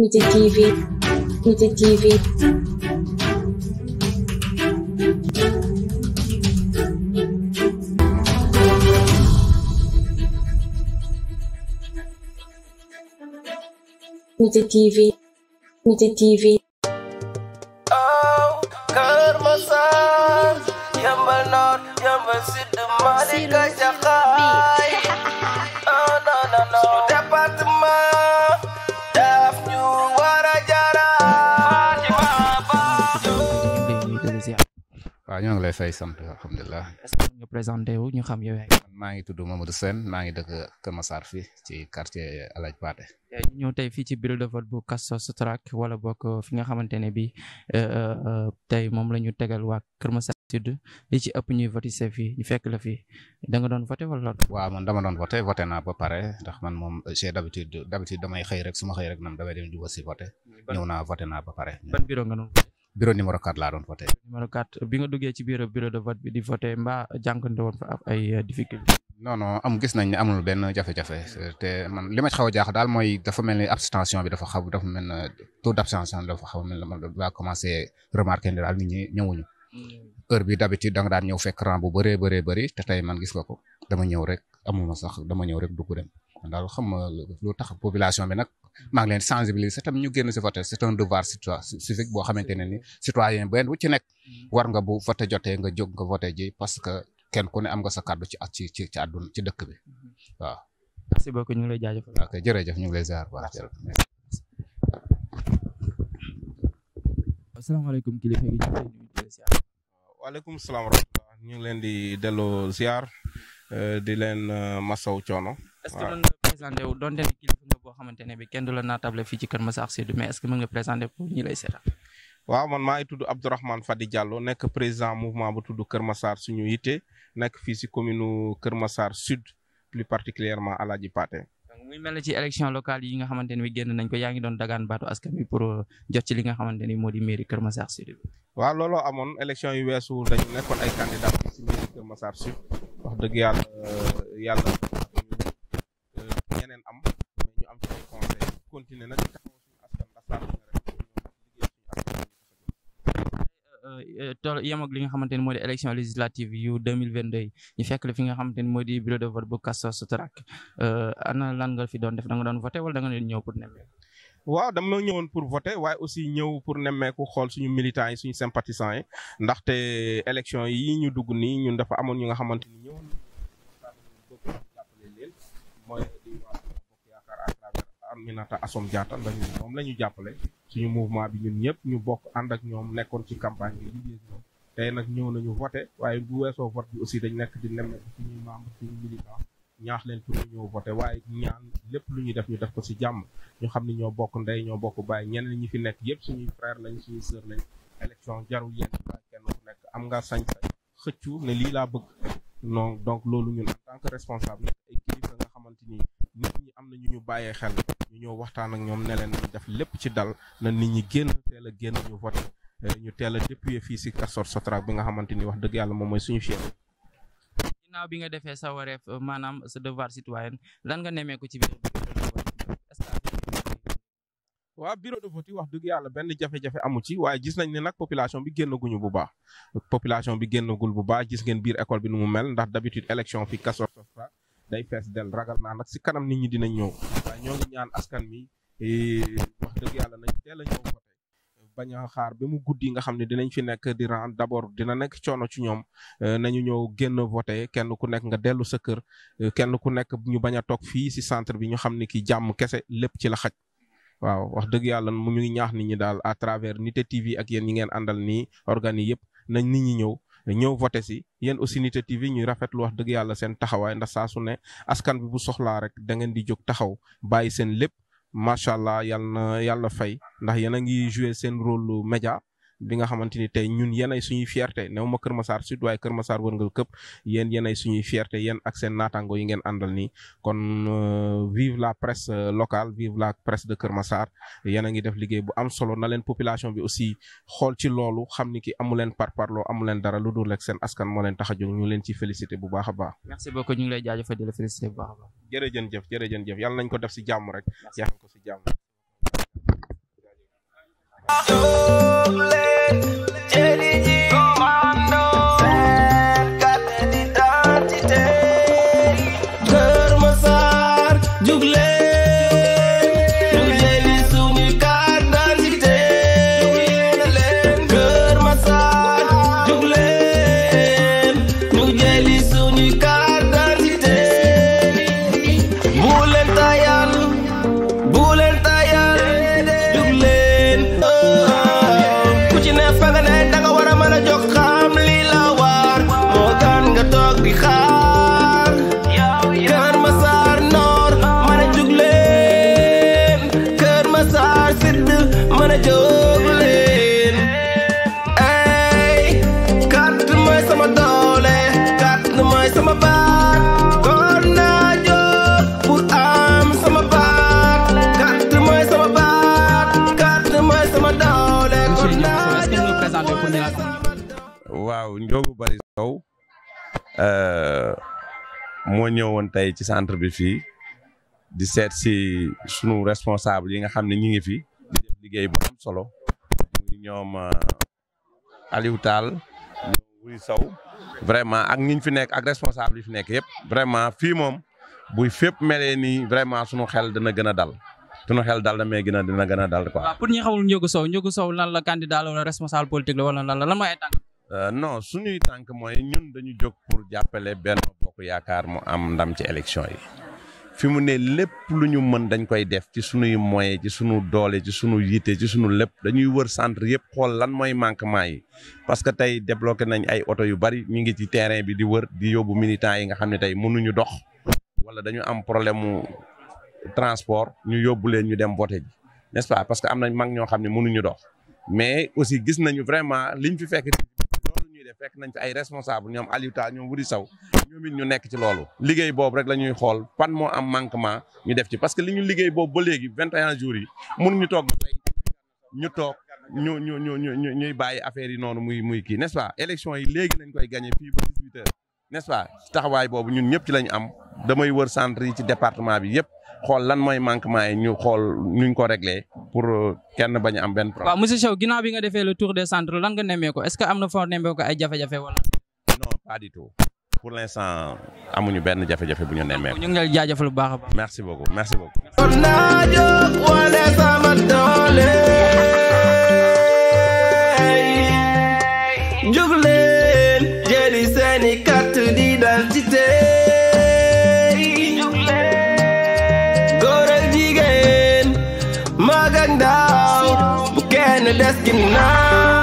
Mitettivi, TV, Mitettivi, TV. Oh, karma sa, yambal nor, yambal sid, malika ja. waaw ñoo ngi lay fay sant alhamdulilah. est-ce que nga présenté wu ñu xam yow. maa ngi tudd Mamadou Sène maa ngi dëkk Kër Massar fii ci quartier El Hadj Pathé. ñu ñëw tey ci bureau de vote bu Castor Sotrac wala bokk finga kaman xamante ne bii tey moom la ñu tegal waa Kër Massar Sud li ci ëpp ñuy voté see fii ñu fekk la fii da nga doon voté wala. waaw man dama doon voté voté naa ba pare ndax man moom j'ai d'habitude d'habitude damay xëy rek su ma xëy rek man damay dem di wasi voté. ñëw naa voté naa ba pare. ban bureau nga doon E biro numéro 4 laa doon voté numéro 4 bi nga duggee ci biro bureau de vote bi di voté mbaa jànkante won fa ay eh, difficulté non non am gis nañ ne amul ben jafe-jafe te man li ma ci xaw a jaax daal mooy dafa mel abstention bi dafa xaw dafa mel ne taux d' abstention dafa xaw mel ne va commencé remarquer ne daal nit ñi ñëwuñu hmm. heure bi d' habitude daan ñëw fekk rang bu bëree bëree bëri te tey man gis nga ko dama ñëw rek amuma sax dama ñëw rek dugg dem daal xam lu tax population bi maa ngi leen sensibiliser tam ñu génn si voté c'est un devoir civique boo xamante ne ni citoyen benn wu ci nekk mm-hmm. war nga bu voté jotee nga jóg nga voté ji parce que kenn ku ne am nga sa kàddu ci ci ci ci àdduna ci dëkk bi mm-hmm. waaw. merci beaucoup ñu ngi lay jaajëfal. ok jërëjëf ñu ngi lay ziar baax asalaamaaleykum kilifa gi waaleykum salaam wa ngi leen di delloo ziar euh, di leen euh, masaw coono. présenté wu donte ne kilifa nga boo xamante bi kenn du la naatable fi ci Kër ma Massar Sud mais est-ce que mën nga présenté pour ñi lay sétal waaw man maa ngi tudd Abdourahmane Fadi Diallo nek président mouvement bu tuddu Kër ma sar suñu yité nek fi ci commune Kër ma sar Sud plus particulièrement Alaaji Paate. muy mel ci élection locale yi nga xamantene wi genn nañ ko yaangi don dagan batu askan bi pour euh, jot ci li nga xamantene modi mairie Kër ma sar Sud. waaw lolo amone élection yu wessu dañu nekkon ay candidat ci mairie Kër ma sar Sud wax deug yalla euh, yalla toll yem ak li nga xamante ne moo di élection législative yu deux mille vingt deux yi fekk la fi nga xamante ne moo di bureau de vote bu Castors Sotrac euh, ana lan fi doon def da nga doon voté wala da nga doon ñëw pour nemmeeku. waaw dama ñëwoon pour voter waaye aussi ñëw pour nemmeeku xool suñu militants yi suñu sympathisants yi ndaxte élection yi ñu dugg nii ñun dafa amoon ñu nga xamante ni ñëwoon. Aminata Assome Diatta ndax ñun moom la ñu jàppale suñu mouvement bi ñun ñëpp ñu bokk ànd ak ñoom nekkoon ci campagne bi liggéey ñoom tey nag ñëw nañu voté waaye bu weesoo vote bi aussi dañ nekk di nemmeeku suñuy membre suñu militant ñaax leen pour ñu ñëw waaye ñaan lépp lu ñuy def ñu def ko ci jàmm ñu xam ni ñoo bokk ndey ñoo bokk bàyyi ñeneen ñi fi nekk yëpp suñuy frère lañ suñuy sœur lañ élection jarul yenn waaye kenn ku nekk am nga sañ-sañ xëccu ne lii laa bëgg non donc loolu ñun en tant que responsable nekk ay kilifa nga ni nit ñi am na ñu ñu bàyyee xel ñoo waxtaan ak ñoom ne leen def lépp ci dal na nit ñi génn teel a génn ñu vote eh, ñu teel a dépuye fii si kasor sotraak bi nga xamante ni wax dëgg yàlla moom mooy suñu chef ginnaaw bi nga defee sa wareef eh, maanaam sa devoir citoyen lan nga nemmeeku ci biir waa bureau de vote yi wax dëgg yàlla benn jafe-jafe amu ci waaye gis nañ ne nag population bi génnaguñu bu baax population bi génnagul bu baax gis ngeen biir école bi nu mu mel ndax habitude élection fi kasor sotraak day fess del ragal na nak si kanam nit ñi dina ñew ñoo ngi ñaan askan mi eh, wax deug yalla nañ teel a ñëw voté baña xaar bi mu guddii nga xamni dinañ fi nekk di ran d'abord dina nekk coono ci ñom eh, nañu ñew genn voté kenn ku nekk nga dellu sa kër eh, kenn ku nekk ñu baña tok fi ci si centre bi ñu xamni ki jamm kese lepp ci la xaj waaw wax deug yalla mu ñu ngi ñaax nit ñi dal à travers Nité TV ak yeen ñi ngeen andal ni organe yépp nañ nit ñi ñew ñëw voté si yéen aussi Nitte TV ñuy rafetlu wax dëgg yàlla seen taxawaay ndax saa su ne askan bi bu soxlaa rek da ngeen di jog taxaw bàyyi seen lépp macha allah yàlla na yàlla fay ndax yéen a ngi joué seen rôle média di nga xamanteni tay ñun yéen suñu fierté néew ma Kër Massar Sud waaye Kër Massar wërngal këpp yéen yéen ay suñuy fierté yéen ak sen natango yi ngeen andal ni kon euh, vive la presse euh, locale vive la presse de Kër Massar yéen a ngi def liggéey bu am solo na len population bi aussi xol ci loolu xam ni ki amu len par parlo amu len dara lu dul rek sen askan mo len taxaju ñu len ci félicité bu baaxa baax. merci beaucoup ñu ngi lay jaajeufal di la félicité bu baax a baax. jërëjëf jërëjëf yalla nañ ko def ci jamm rek. yàlla ko ci jamm So Ndongo Bari Sow euh, moo ñëwoon tey ci centre bi fii di seet si sunu responsable yi nga xam ne ñu ngi fi di def liggéey bu am solo muy ñoom euh, Aliou Tall Wuri Sow vraiment ak ñi fi nekk ak responsable yi fi nekk yëpp vraiment fii moom buy fépp melee nii vraiment sunu xel dana gën a dal sunu xel dal na may gën a gën a dal quoi. pour ñi xamul Ndiogou Sow Ndiogou Sow lan la candidat la responsable politique la wala lan la lan mooy Euh, non suñuy tànk mooy ñun dañu jóg pour jàppale benn bokk yaakaar mu am ndam ci élection yi fi mu ne lépp lu ñu mën dañ koy def ci suñuy moyens ci suñu doole ci sunu yitte ci suñu lépp dañuy wër centre yëpp xool lan mooy manquement yi parce que tey débloqué nañ ay oto yu bari ñu ngi ci terrain bi di wër di yóbbu militants yi nga xam ne tey mënuñu dox wala dañu am problème mu transport ñu yóbbu leen ñu dem voté ji nest pas parce que am nañ mag ñoo xam ne mënuñu dox de fekk nañ fi ay responsable ñoom Aliou ñoom Wuri Saw ñoom ñu nekk ci loolu liggéey boobu rek la ñuy xool fan moo am manquement ñu def ci parce que li ñu liggéey boobu ba léegi vingt et un jours yi ñu toog ñu toog ñu ñu ñu ñu ñu ñuy bàyyi affaire yi noonu muy muy kii n'est-ce pas élection yi léegi lañ koy gagné fii ba dix-huit heures n'est-ce pas taxawaay boobu ñun ñëpp ci lañ am damay wër centre yi ci département bi yëpp xool lan mooy manquement yi ñu xool nuñ ko réglé pour euh, kenn bañ am benn problème. waaw monsieur Sow ginnaaw bi nga defee le tour des centres lan nga nemmee ko est-ce que am na foo nemmee ay jafe-jafe wala. non pas du tout pour l'instant amuñu benn jafe-jafe bu ñu nemmee ko. ñu ngi lay jaajëfal bu baax a baax. merci beaucoup merci beaucoup. give me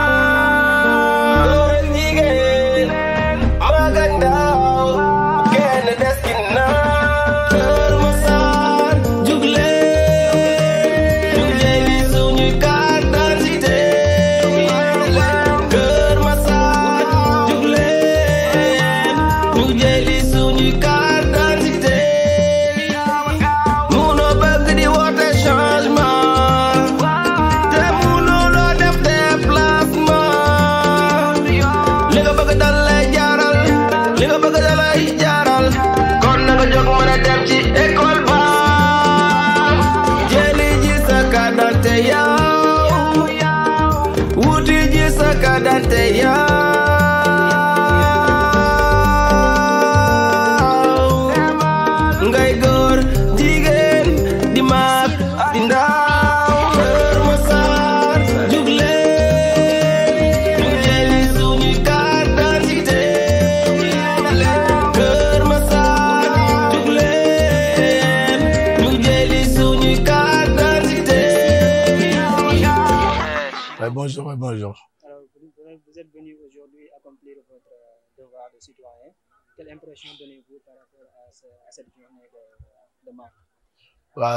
Monsieur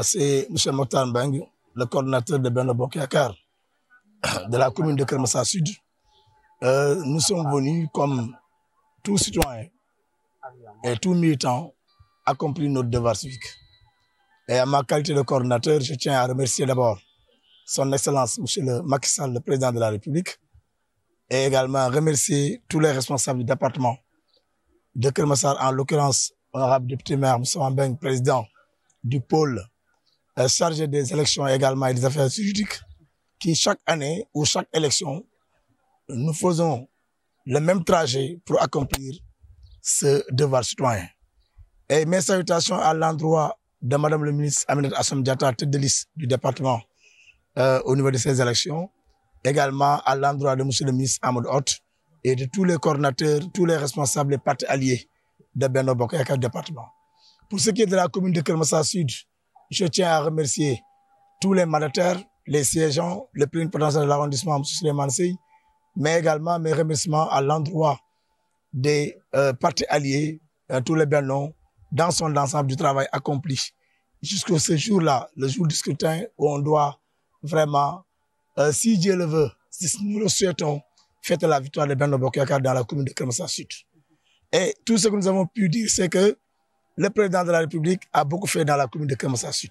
C'est M. Mokhtar Bang le coordinateur de Beno Bokyakar, de la commune de Kermassa Sud. Euh, nous sommes venus comme tous citoyens et tout militants accomplir notre devoir civique. Et à ma qualité de coordinateur, je tiens à remercier d'abord son Excellence, M. le Macky Sall, le Président de la République, et également remercier tous les responsables du département de Kermassar, en l'occurrence, honorable député maire Moussa Mbeng, président du pôle euh, chargé des élections également et des affaires juridiques, qui chaque année ou chaque élection, nous faisons le même trajet pour accomplir ce devoir citoyen. Et mes salutations à l'endroit de Madame le ministre Aminat Assam Diatta, tête de liste du département euh, au niveau de ces élections, également à l'endroit de Monsieur le ministre Ahmed Hort, et de tous les coordinateurs, tous les responsables des partis alliés de à quatre département. Pour ce qui est de la commune de Kermassa Sud, je tiens à remercier tous les mandataires, les siégeants, le président de l'arrondissement, M. Suleiman mais également mes remerciements à l'endroit des euh, partis alliés, euh, tous les Benons, dans son ensemble du travail accompli. Jusqu'à ce jour-là, le jour du scrutin, où on doit vraiment, euh, si Dieu le veut, si nous le souhaitons, Faites la victoire de Benno Bokyaka dans la commune de Kremsa Sud. Et tout ce que nous avons pu dire, c'est que le président de la République a beaucoup fait dans la commune de Kremsa Sud,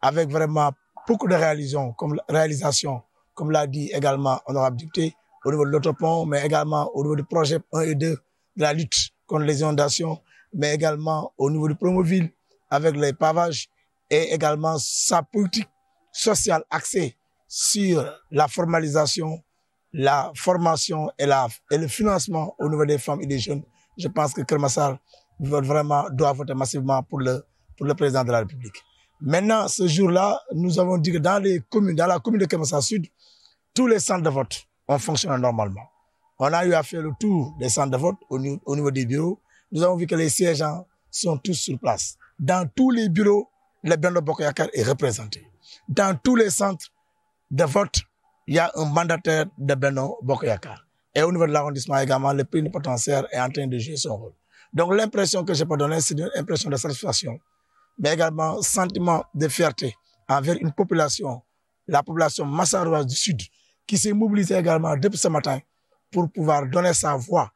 avec vraiment beaucoup de réalisations, comme, réalisation, comme l'a dit également honorable député, au niveau de l'autopont, mais également au niveau du projet 1 et 2 de la lutte contre les inondations, mais également au niveau du Promoville, avec les pavages, et également sa politique sociale axée sur la formalisation, la formation et, le financement au niveau des femmes et des jeunes, je pense que Kermassar vraiment doit voter massivement pour le, président de la République. Maintenant, ce jour-là, nous avons dit que dans les communes, dans la commune de Kermassar Sud, tous les centres de vote ont fonctionné normalement. On a eu à faire le tour des centres de vote au, niveau des bureaux. Nous avons vu que les sièges hein, sont tous sur place. Dans tous les bureaux, le Bendo Bokoyakar est représenté. Dans tous les centres de vote, il y a un mandataire de Benno Bokoyaka. Et au niveau de l'arrondissement également, le prix potentiel est en train de jouer son rôle. Donc l'impression que je pas donner, c'est une impression de satisfaction, mais également sentiment de fierté envers une population, la population massaroise du Sud, qui s'est mobilisée également depuis ce matin pour pouvoir donner sa voix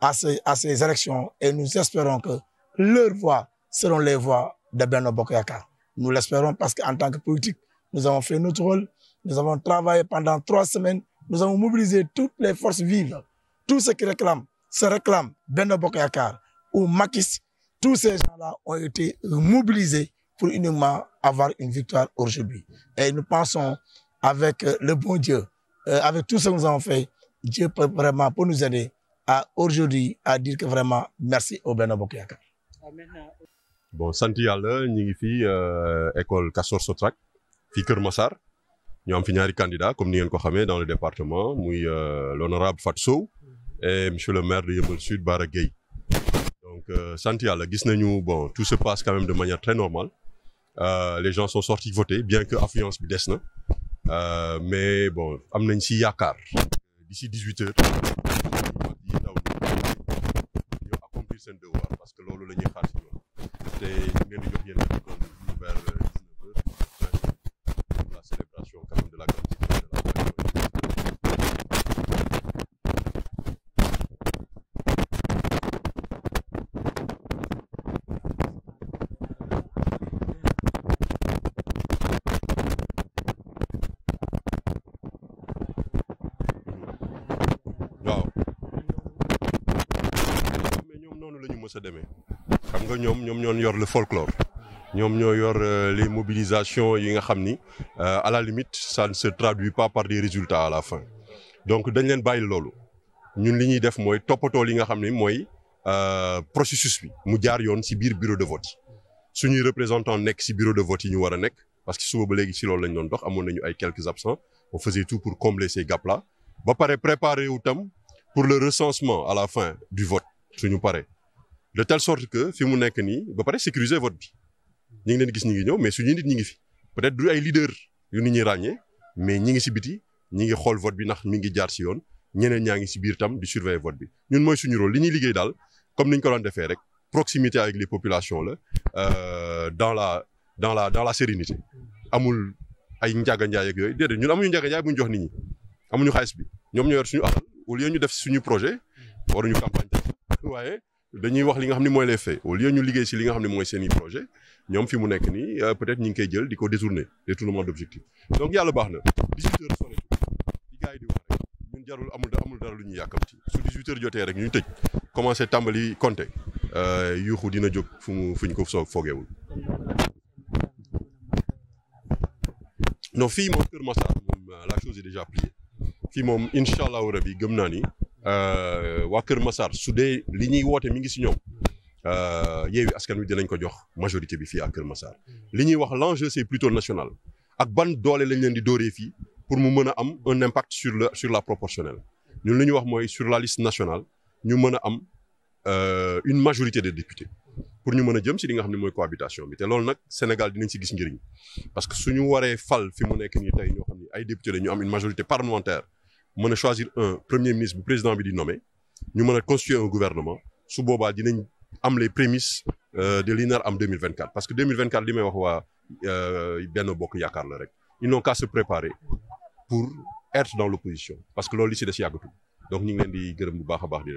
à ces, à ces élections. Et nous espérons que leur voix seront les voix de Benno Bokoyaka. Nous l'espérons parce qu'en tant que politique, nous avons fait notre rôle. Nous avons travaillé pendant trois semaines. Nous avons mobilisé toutes les forces vives. Tous ceux qui réclament, se réclament Beno Bokayakar ou Makis. Tous ces gens-là ont été mobilisés pour uniquement avoir une victoire aujourd'hui. Et nous pensons avec euh, le bon Dieu, euh, avec tout ce que nous avons fait, Dieu peut vraiment pour nous aider à aujourd'hui à dire que vraiment merci au Beno Bokayakar. Bon, santi yalla ñi euh, école Kassor Sotrak Fikur nous avons fini les candidat comme nous ngeen ko dans le département euh, l'honorable Fatso et monsieur le maire de Yeumbeul Sud Baragé. donc euh, Santiago, gis nañu bon tout se passe quand même de manière très normale euh, les gens sont sortis voter bien que affluence bi euh, mais bon am nañ si yakar d'ici 18 h heures accomplir ce devoir parce que nous la ñuy xaar mës a nous xam nga ñoom ñoom yor le folklore ñoom ñoo yor euh, les mobilisations yi nga xam ni euh, à la limite ça ne se traduit pas par des résultats à la fin donc dañ leen lolo nous ñun li def mooy topoto li nga xam ni euh, processus bi mu jaar yoon ci bureau de vote si nous représentant nek ci bureau de vote nous ñu war parce que souvent, ba léegi ci loolu lañ dox quelques absents on faisait tout pour combler ces gaps là ba pare préparer autant pour le recensement à la fin du vote nous paraît de telle sorte que fi mu nekk ni ba pare sécuriser votre vie, ni ngi leen gis ni ngi ñëw mais suñuy nit ñi ngi fi peut-être du ay leaders yu nit ñi ràññee mais ñi ngi si biti ñi ngi votre vote bi ndax mi ngi jaar une yoon ñeneen ñaa ngi si biir tam surveiller vote bi ñun mooy suñu rôle li ñuy liggéey comme ni ñu ko doon rek proximité avec les populations là, euh, dans la dans la dans la sérénité amul ay njaaga njaay ak yooyu nous ñun amuñu njaaga njaay bu ñu jox nit ñi amuñu xaalis bi ñoom ñoo yor suñu alal au lieu ñu def suñu projet waruñu campagne waaye dañuy wax li nga xam ne mooy les faits au lieu ñu liggéey si li nga xam ne mooy seen i projet ñoom fi mu nekk ni euh, peut-être ñu ngi koy jël di ko détourner détournement d'objectif donc yàlla baax na 18 heures sore di gars yi di wax rek ñun jarul amul amul dara lu ñuy ci su 18 heures jotee rek ñu tëj commencé tàmbali compter euh, yuuxu dina jóg fu mu fuñ ko soog foogeewul non fii moom Kër Massar moom euh, la chose est déjà pliée fii moom incha allahu rabi gëm naa ni. Euh, waa Kër Massar su dee li ñuy woote mi ngi si ñoom euh, Yewwi Askan Wi dinañ ko jox majorité bi fii à Kër Massar li wax l'enjeu c'est plutôt national ak ban doole lañ leen di dooree fii pour mu mën am un impact sur le sur la proportionnelle ñun li wax mooy sur la liste nationale ñu mën a am euh, une majorité de députés pour ñu mën a jëm si li nga xam ne cohabitation bi te loolu nag Sénégal dinañ si gis njëriñ parce que suñu waree fal fi mu nekk nii tey ñoo xam ay député la ñu am une majorité parlementaire nous a choisir un premier ministre le président bi di nommé Nous avons construit un gouvernement su boba dinañ am les prémices euh, de l'INAR en 2024 parce que 2024 limay wax euh, Benno Bokk yakar la rek ils n'ont qu'à se préparer pour être dans l'opposition parce que loolu li de des donc nous ngi dit di gërëm bu baaxa baax di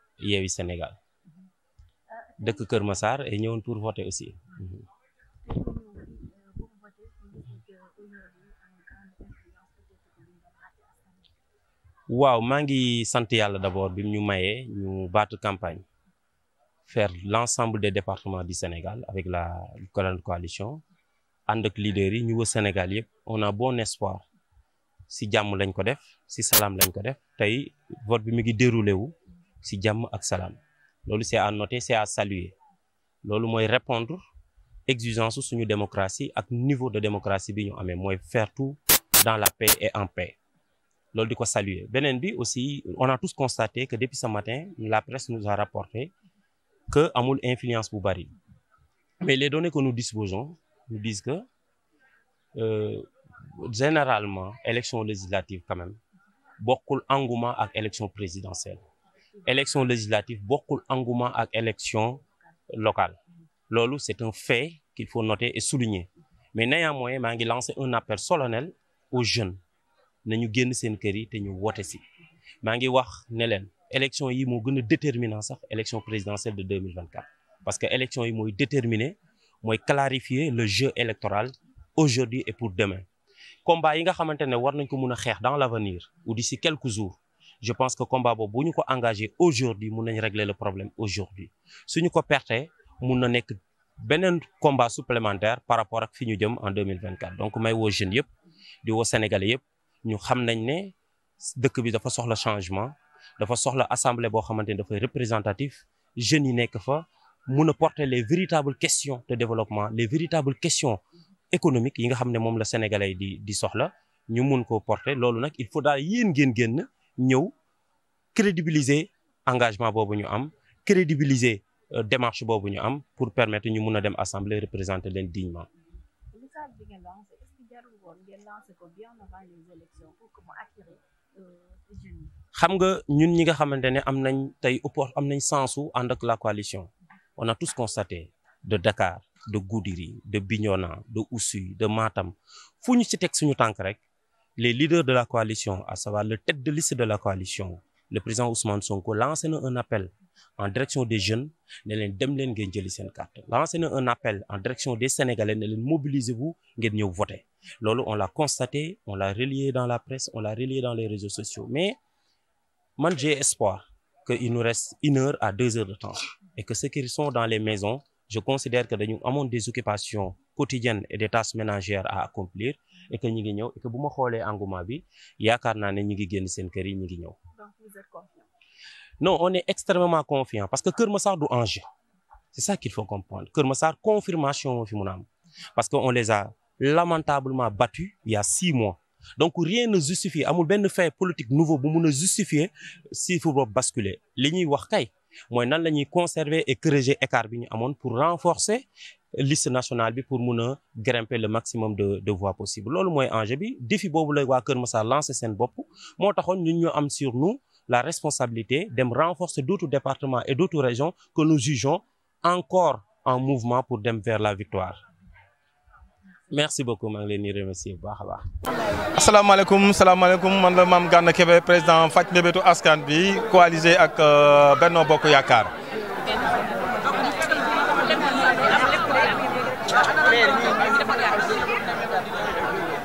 yewi iya, senegal eh, deuk keur Massar et eh, ñewon pour voter aussi. Mhm. waaw mangi ngi sant d'abord bimu ñu mayé ñu baatu campagne faire l'ensemble des départements du Sénégal avec la grande coalition and ak leader yi ñu wa Sénégal yépp on a bon espoir si jamm lañ ko def si salam lañ ko def tay vote bi mi ngi déroulé wu. si ak c'est à noter c'est à saluer c'est à répondre exigence suñu démocratie ak niveau de démocratie bi ñu faire tout dans la paix et en paix c'est à saluer benen aussi on a tous constaté que depuis ce matin la presse nous a rapporté que amul influence bu bari mais les données que nous disposons nous disent que euh, généralement élection législatives quand même beaucoup engouement à élections présidentielle élections législative beaucoup d'engouement à l'élection locale c'est un fait qu'il faut noter et souligner mais néanmoins il lancé lancer un appel solennel aux jeunes nañu génn seen c'est ñu wax élections élection présidentielle de 2024 parce que l'élection est déterminée déterminer clarifier le jeu électoral aujourd'hui et pour demain combat yi dans l'avenir ou d'ici quelques jours je pense que combat nous nous ñu engagé aujourd'hui nous régler le problème aujourd'hui suñu ko nous mun na nekk un combat supplémentaire par rapport ak fi ñu jëm en 2024 donc may aux jeunes yëpp di sénégalais nous ñu xam nañ ne dëkk bi dafa changement dafa soxla assemblée l'assemblée xamante ni dafay représentatif jeunes yi porter les véritables questions de développement les véritables questions économiques yi nga xam le sénégalais di di soxla ñu ko porter loolu il faut daal yéen ñëw crédibiliser engagement bobu ñu am crédibiliser euh, démarche bobu ñu am pour permettre ñu mëna dem assemblée représenter leen dignement xam nga ñun ñi nga xamante am nañ tey am nañ sensu and ak la coalition on a tous constaté de Dakar de Goudiri de Bignona de Oussou de Matam fuñu ci teg suñu tank rek les leaders de la coalition, à savoir le tête de liste de la coalition, le président Ousmane Sonko, lancé un appel en direction des jeunes, lancé un appel en direction des Sénégalais mobilisez-vous voter on l'a constaté on l'a relié dans la presse on l'a relié dans les réseaux sociaux mais moi, j'ai espoir qu'il nous reste une heure à deux heures de temps et que ceux qui sont dans les maisons je considère que nous avons des occupations quotidienne et des tâches ménagères à accomplir et que nous sommes et que buma xolé engouement bi yakarna né ñi ngi génn seen kër yi ñi ngi ñëw non on est extrêmement confiant parce que Kër Massar du enjeu c'est ça qu'il faut comprendre Kër Massar confirmation moo fi mun a parce que on les a lamentablement battus il y a six mois donc rien ne justifie amul benn fait politique nouveau bu mëna justifier si faut basculer li ñi wax kay moy nan nous avons conserver et corriger écart bi ñu pour renforcer liste nationale bi pour mun grimper le maximum de de voix possible lolou moy enjeu bi défi bobu lay wa keur massa lancer sen bop mo taxone ñun ñu am sur nous la responsabilité de renforcer d'autres départements et d'autres régions que nous jugeons encore en mouvement pour dem vers la victoire merci beaucoup je vous remercie. Assalamu remercier assalamu alaikum. Je suis le la président faj askan coalisé avec euh, Benno Boko Yakar.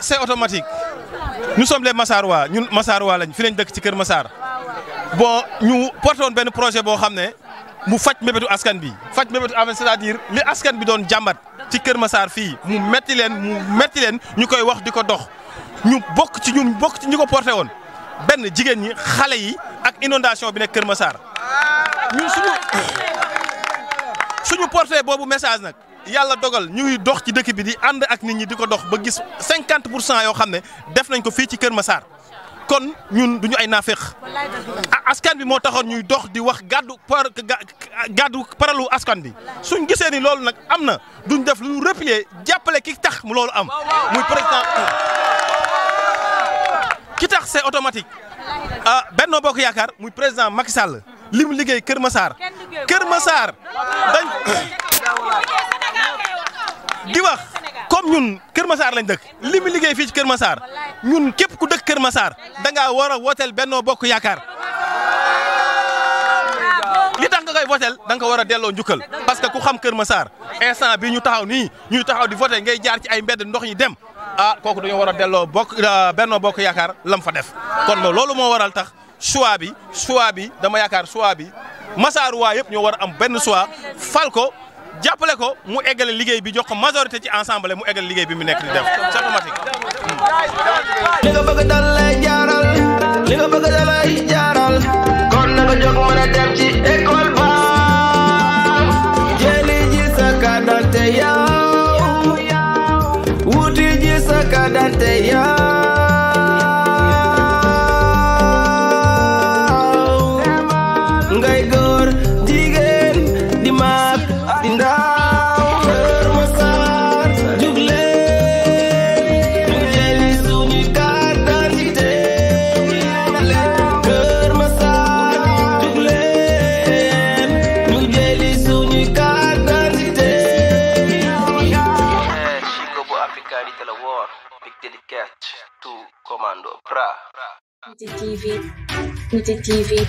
c'est automatique nous sommes les Massarois nous sommes lañ Massarois lañ dëkk ci kër Massar bon Nous portons projet boo xam nous mu c'est-à-dire li askan bi des gens ci Massar Nous metti metti des wax porté yi ak inondation bi nek Massar nous suñu suñu message yalla dogal ñuy dox ci dëkk bi di and ak nit ñi diko dox ba gis 50% yo xamne def nañ ko fi ci Kër Massar kon ñun duñu ay naafeq ah, askan bi mo taxoon ñuy dox di wax gaddu par gaddu paralu askan bi suñ gisee ni loolu nak amna duñ def lu replier jappalé ki tax mu loolu am muy président ki tax c'est automatique ah Benno Bokk yakar muy président Macky Sall lim liggéey Kër Massar Kër Massar dañ di wax comme ñun keur Massar lañ dëkk limi liggéey fi ci keur Massar ñun képp ku dëkk keur Massar da nga wara wotel Benno Bokk Yaakaar li tax nga koy wotel da nga wara parce que ku xam keur Massar instant bi ñu taxaw ni ñuy taxaw di voter ngay jaar ci ay mbedd ndox yi dem ah koku dañu wara a bokk ah, Benno Bokk Yaakaar lam fa def kon lolu mo waral tax choix bi choix bi dama yaakaar choix bi Massar wa yépp ñu wara am benn choix fal jàppale ko mu eggale liggéey bi jox ko majorité ci ensemble mu eggale liggéey bi mu nekk di def c'est automatique. li nga dal lay jaaral li nga bëgg dal lay jaaral kon na nga jóg mën a dem ci ji sa kadante yow wuti ji sa kadante yow. competitivi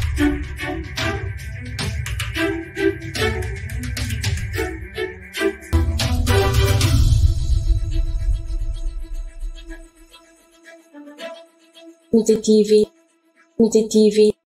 competitivi competitivi